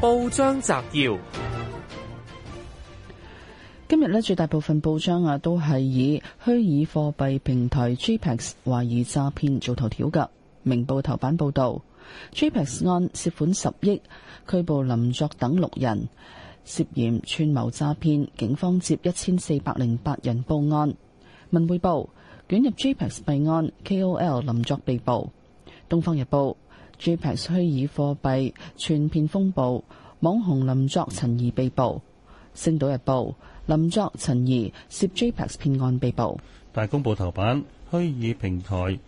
報章摘要：今日咧，絕大部分報章啊，都係以虛擬貨幣平台 JPEX 懷疑詐騙做頭條噶。明報頭版報道，JPEX 案涉款十億，拘捕林作等六人，涉嫌串謀詐騙，警方接一千四百零八人報案。文匯報，捲入 JPEX 弊案，KOL 林作被捕。東方日報。JPEX 虛擬貨幣全片風暴，網紅林作陳怡被捕。星島日報：林作陳怡涉 JPEX 騙案被捕。大公報頭版：虛擬平台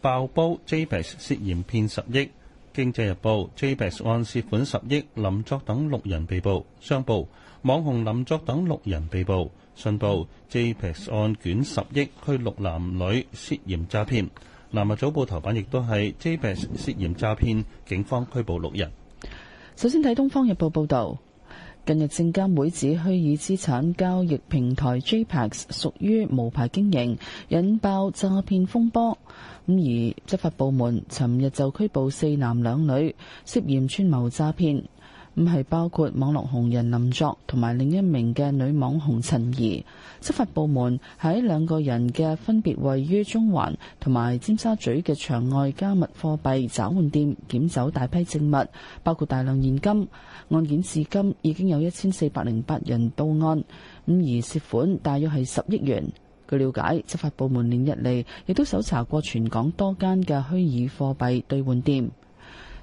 爆煲 JPEX 涉嫌騙十億。經濟日報：JPEX 案涉款十億，林作等六人被捕。商報：網紅林作等六人被捕。信報：JPEX 案捲十億，拘六男女涉嫌詐騙。南華早報頭版亦都係 JPEX 涉嫌詐騙，警方拘捕六人。首先睇東方日報報道，近日證監會指虛擬資產交易平台 JPEX 屬於無牌經營，引爆詐騙風波。咁而執法部門尋日就拘捕四男兩女，涉嫌串謀詐騙。噉係包括網絡紅人林作同埋另一名嘅女網紅陳怡，執法部門喺兩個人嘅分別位於中環同埋尖沙咀嘅場外加密貨幣找換店，檢走大批證物，包括大量現金。案件至今已經有一千四百零八人到案，咁而涉款大約係十億元。據了解，執法部門連日嚟亦都搜查過全港多間嘅虛擬貨幣兌換店。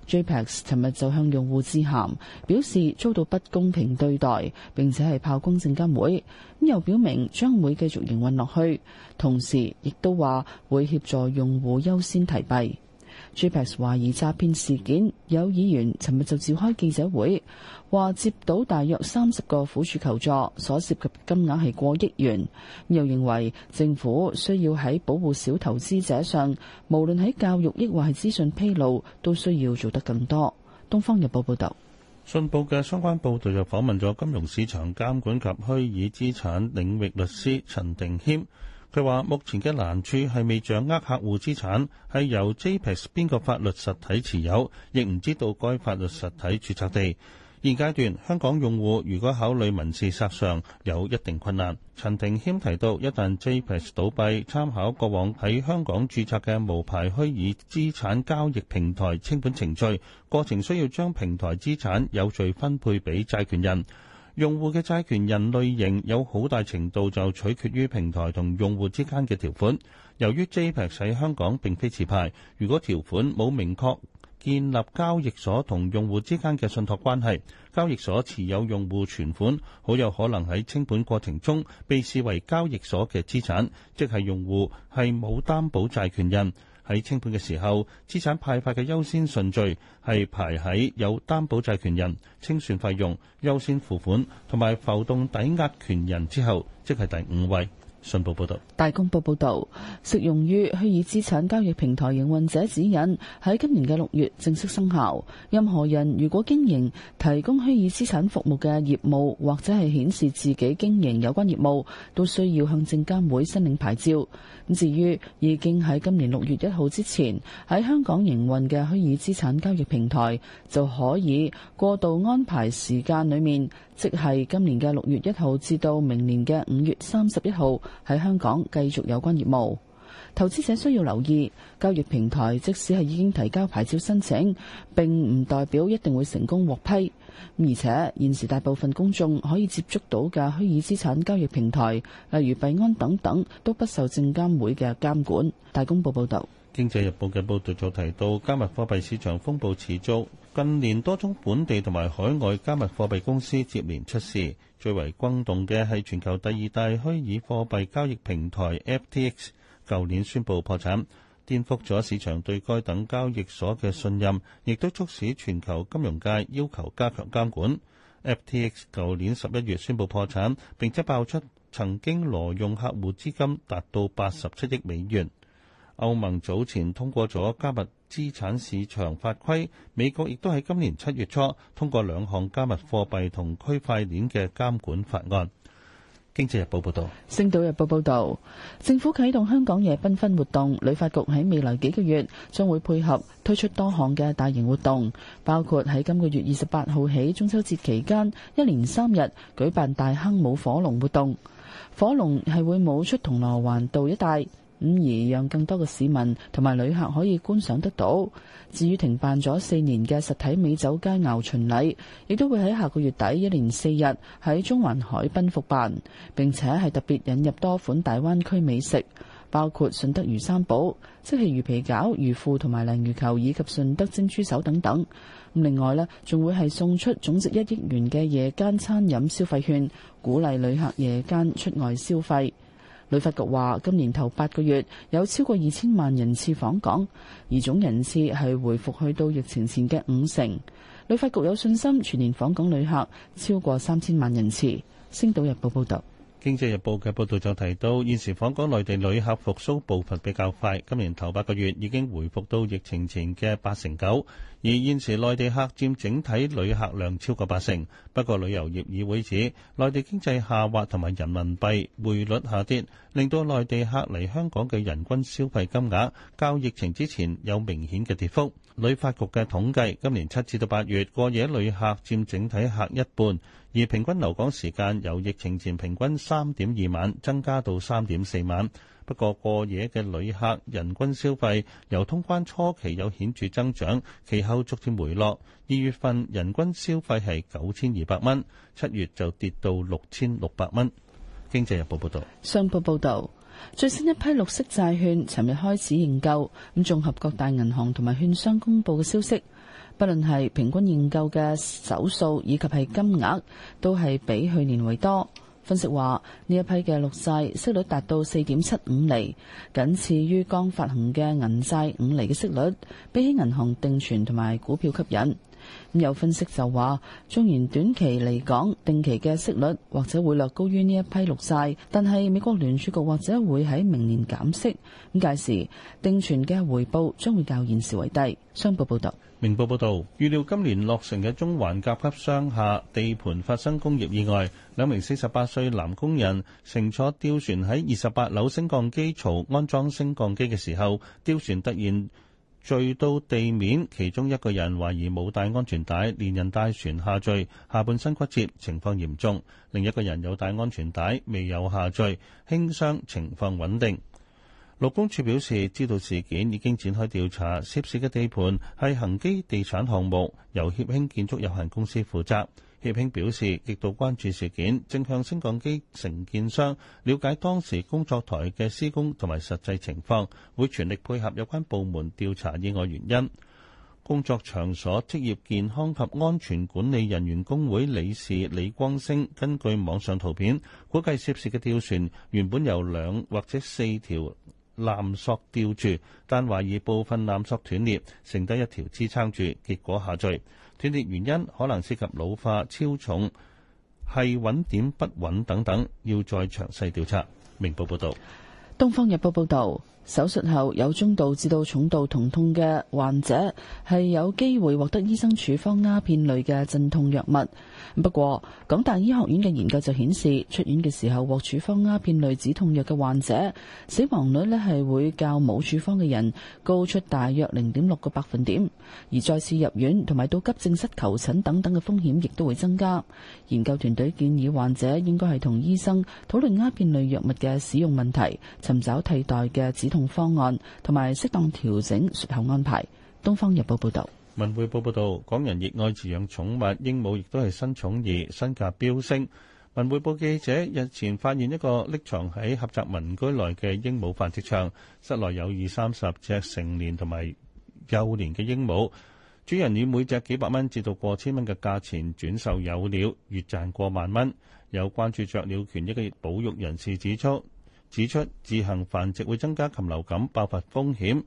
JPEX 尋日就向用戶致函，表示遭到不公平對待，並且係炮轟證監會，咁又表明將會繼續營運落去，同時亦都話會協助用戶優先提幣。JPEX 懷疑詐騙事件，有議員尋日就召開記者會，話接到大約三十個苦主求助，所涉及金額係過億元。又認為政府需要喺保護小投資者上，無論喺教育抑或係資訊披露，都需要做得更多。東方日報報道，信報嘅相關報道又訪問咗金融市場監管及虛擬資產領域律師陳定謙。佢話：目前嘅難處係未掌握客戶資產係由 JPEX 邊個法律實體持有，亦唔知道該法律實體註冊地。現階段香港用戶如果考慮民事索償，有一定困難。陳庭謙提到，一旦 JPEX 倒閉，參考過往喺香港註冊嘅無牌虛擬資產交易平台清盤程序，過程需要將平台資產有序分配俾債權人。用戶嘅債權人類型有好大程度就取決於平台同用戶之間嘅條款。由於 JPEX 喺香港並非持牌，如果條款冇明確建立交易所同用戶之間嘅信託關係，交易所持有用戶存款，好有可能喺清盤過程中被視為交易所嘅資產，即係用戶係冇擔保債權人。喺清盤嘅時候，資產派發嘅優先順序係排喺有擔保債權人、清算費用、優先付款同埋浮動抵押權人之後，即係第五位。信報報道，大公報報道，適用於虛擬資產交易平台營運者指引喺今年嘅六月正式生效。任何人如果經營提供虛擬資產服務嘅業務，或者係顯示自己經營有關業務，都需要向證監會申領牌照。咁至於已經喺今年六月一號之前喺香港營運嘅虛擬資產交易平台，就可以過渡安排時間裏面，即係今年嘅六月一號至到明年嘅五月三十一號。喺香港繼續有關業務，投資者需要留意，交易平台即使係已經提交牌照申請，並唔代表一定會成功獲批。而且現時大部分公眾可以接觸到嘅虛擬資產交易平台，例如幣安等等，都不受證監會嘅監管。大公報報道，《經濟日報》嘅報導就提到加密貨幣市場風暴持續。近年多宗本地同埋海外加密貨幣公司接連出事，最為轟動嘅係全球第二大虛擬貨幣交易平台 FTX，舊年宣布破產，顛覆咗市場對該等交易所嘅信任，亦都促使全球金融界要求加強監管。FTX 舊年十一月宣布破產，並且爆出曾經挪用客戶資金達到八十七億美元。歐盟早前通過咗加密資產市場法規，美國亦都喺今年七月初通過兩項加密貨幣同區塊鏈嘅監管法案。經濟日報報導，星島日報報道，政府啟動香港夜繽紛活動，旅發局喺未來幾個月將會配合推出多項嘅大型活動，包括喺今個月二十八號起中秋節期間一連三日舉辦大坑舞火龍活動，火龍係會舞出銅鑼灣道一帶。咁、嗯、而讓更多嘅市民同埋旅客可以觀賞得到。至於停辦咗四年嘅實體美酒佳餚巡禮，亦都會喺下個月底一連四日喺中環海濱復辦。並且係特別引入多款大灣區美食，包括順德魚三寶、即係魚皮餃、魚腐同埋鯪魚球，以及順德蒸豬手等等。另外呢仲會係送出總值一億元嘅夜間餐飲消費券，鼓勵旅客夜間出外消費。旅發局話，今年頭八個月有超過二千萬人次訪港，而總人次係回復去到疫情前嘅五成。旅發局有信心全年訪港旅客超過三千萬人次。星島日報報道。經濟日報嘅報道就提到，現時訪港內地旅客復甦步伐比較快，今年頭八個月已經回復到疫情前嘅八成九，而現時內地客佔整體旅客量超過八成。不過旅遊業議會指，內地經濟下滑同埋人民幣匯率下跌，令到內地客嚟香港嘅人均消費金額較疫情之前有明顯嘅跌幅。旅發局嘅統計，今年七至到八月過夜旅客佔整體客一半，而平均留港時間由疫情前平均三點二晚增加到三點四晚。不過過夜嘅旅客人均消費由通關初期有顯著增長，其後逐漸回落。二月份人均消費係九千二百蚊，七月就跌到六千六百蚊。經濟日報報道。上報報導。最新一批綠色債券尋日開始認購，咁綜合各大銀行同埋券商公布嘅消息，不論係平均認購嘅手數以及係金額，都係比去年為多。分析話呢一批嘅綠債息率達到四點七五厘，僅次於剛發行嘅銀債五厘嘅息率，比起銀行定存同埋股票吸引。咁有分析就話，雖然短期嚟講，定期嘅息率或者會略高於呢一批綠債，但係美國聯儲局或者會喺明年減息。咁屆時定存嘅回報將會較現時為低。商報報道，明報報道，預料今年落成嘅中環甲級商廈地盤發生工業意外，兩名四十八歲男工人乘坐吊船喺二十八樓升降機槽安裝升降機嘅時候，吊船突然。墜到地面，其中一個人懷疑冇帶安全帶，連人帶船下墜，下半身骨折，情況嚴重；另一個人有帶安全帶，未有下墜，輕傷，情況穩定。勞工處表示，知道事件已經展開調查，涉事嘅地盤係恒基地產項目，由協興建築有限公司負責。協興表示極度關注事件，正向升降機承建商了解當時工作台嘅施工同埋實際情況，會全力配合有關部門調查意外原因。工作場所職業健康及安全管理人員工會理事李光星，根據網上圖片估計，涉事嘅吊船原本有兩或者四條纜索吊住，但懷疑部分纜索斷裂，剩低一條支撐住，結果下墜。斷裂原因可能涉及老化、超重、繫穩點不穩等等，要再詳細調查。明報報道，東方日報報道。手術後有中度至到重度疼痛嘅患者，係有機會獲得醫生處方鴉片類嘅鎮痛藥物。不過，港大醫學院嘅研究就顯示，出院嘅時候獲處方鴉片類止痛藥嘅患者，死亡率呢係會較冇處方嘅人高出大約零點六個百分點，而再次入院同埋到急症室求診等等嘅風險亦都會增加。研究團隊建議患者應該係同醫生討論鴉片類藥物嘅使用問題，尋找替代嘅止痛藥。方案同埋適當調整術後安排。《東方日報》報道，《文匯報》報道，港人熱愛飼養寵物，鸚鵡亦都係新寵兒，身價飆升。《文匯報》記者日前發現一個匿藏喺狹窄民居內嘅鸚鵡繁殖場，室內有二三十隻成年同埋幼年嘅鸚鵡，主人以每隻幾百蚊至到過千蚊嘅價錢轉售有料，月賺過萬蚊。有關注雀鳥權益嘅保育人士指出。指出自行繁殖會增加禽流感爆發風險。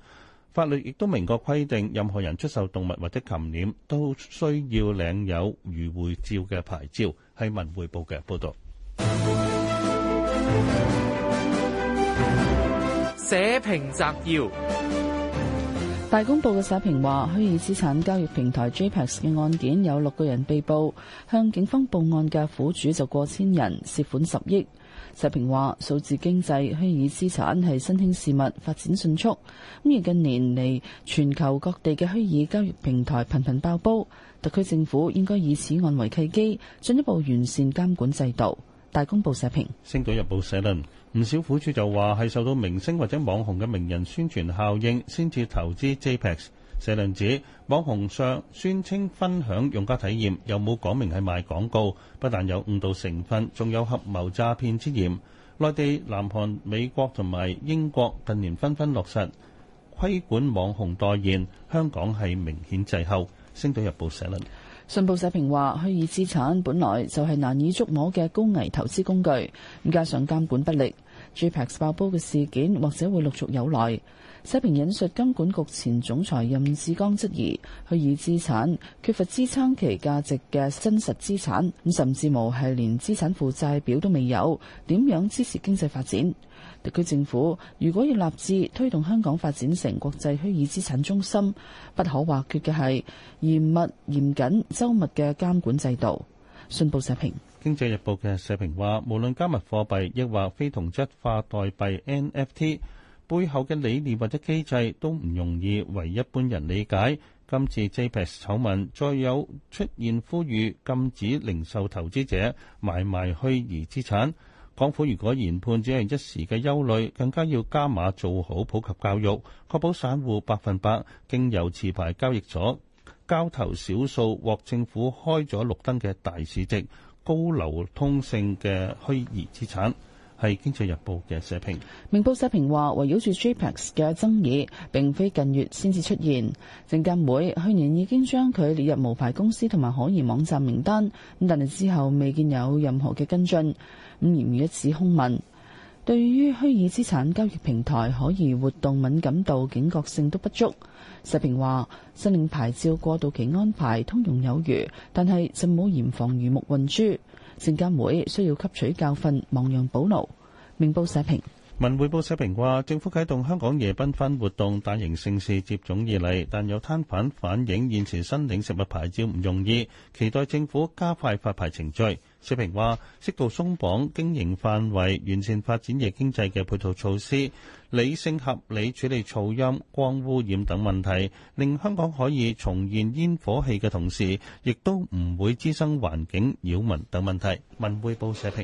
法律亦都明確規定，任何人出售動物或者禽鳥都需要領有漁護署嘅牌照。係文匯報嘅報道。社評摘要。大公報嘅社評話：虛擬資產交易平台 JPEX 嘅案件有六個人被捕，向警方報案嘅苦主就過千人，涉款十億。社評話：數字經濟虛擬資產係新興事物，發展迅速。咁而近年嚟，全球各地嘅虛擬交易平台頻頻爆煲，特區政府應該以此案為契機，進一步完善監管制度。大公報社評，星島日報社論。7. 唔少苦主就話係受到明星或者網紅嘅名人宣傳效應先至投資 JPEX。社論指網紅上宣稱分享用家體驗，又冇講明係賣廣告，不但有誤導成分，仲有合謀詐騙之嫌。內地、南韓、美國同埋英國近年紛紛落實規管網紅代言，香港係明顯滯後。星島日報社論。信報社評話：虛擬資產本來就係難以捉摸嘅高危投資工具，加上監管不力。GPEX 爆煲嘅事件或者會陸續有來。社評引述金管局前總裁任志剛質疑：虛擬資產缺乏支撐其價值嘅真實資產，咁甚至無係連資產負債表都未有，點樣支持經濟發展？特區政府如果要立志推動香港發展成國際虛擬資產中心，不可或缺嘅係嚴密、嚴謹、周密嘅監管制度。信報社評。經濟日報嘅社評話，無論加密貨幣抑或非同質化代幣 NFT 背後嘅理念或者機制都唔容易為一般人理解。今次 JPEX 醜聞再有出現，呼籲禁止零售投資者買賣虛擬資產。港府如果研判只係一時嘅憂慮，更加要加碼做好普及教育，確保散戶百分百經由持牌交易所交投，少數獲政府開咗綠燈嘅大市值，高流通性嘅虛擬資產係《經濟日報》嘅社評。明報社評話，圍繞住 JPEX 嘅爭議並非近月先至出現，證監會去年已經將佢列入無牌公司同埋可疑網站名單，咁但係之後未見有任何嘅跟進，咁儼如一紙空文。對於虛擬資產交易平台，可疑活動敏感度、警覺性都不足。社評話：新領牌照過渡期安排通融有餘，但係就冇嚴防魚目混珠。證監會需要吸取教訓，亡羊補牢。明報社評。文匯報社評話，政府啟動香港夜繽紛活動，大型盛事接踵而嚟，但有攤販反映現時申領食物牌照唔容易，期待政府加快發牌程序。社評話，適度鬆綁經營範圍，完善發展夜經濟嘅配套措施，理性合理處理噪音、光污染等問題，令香港可以重現煙火氣嘅同時，亦都唔會滋生環境擾民等問題。文匯報社評。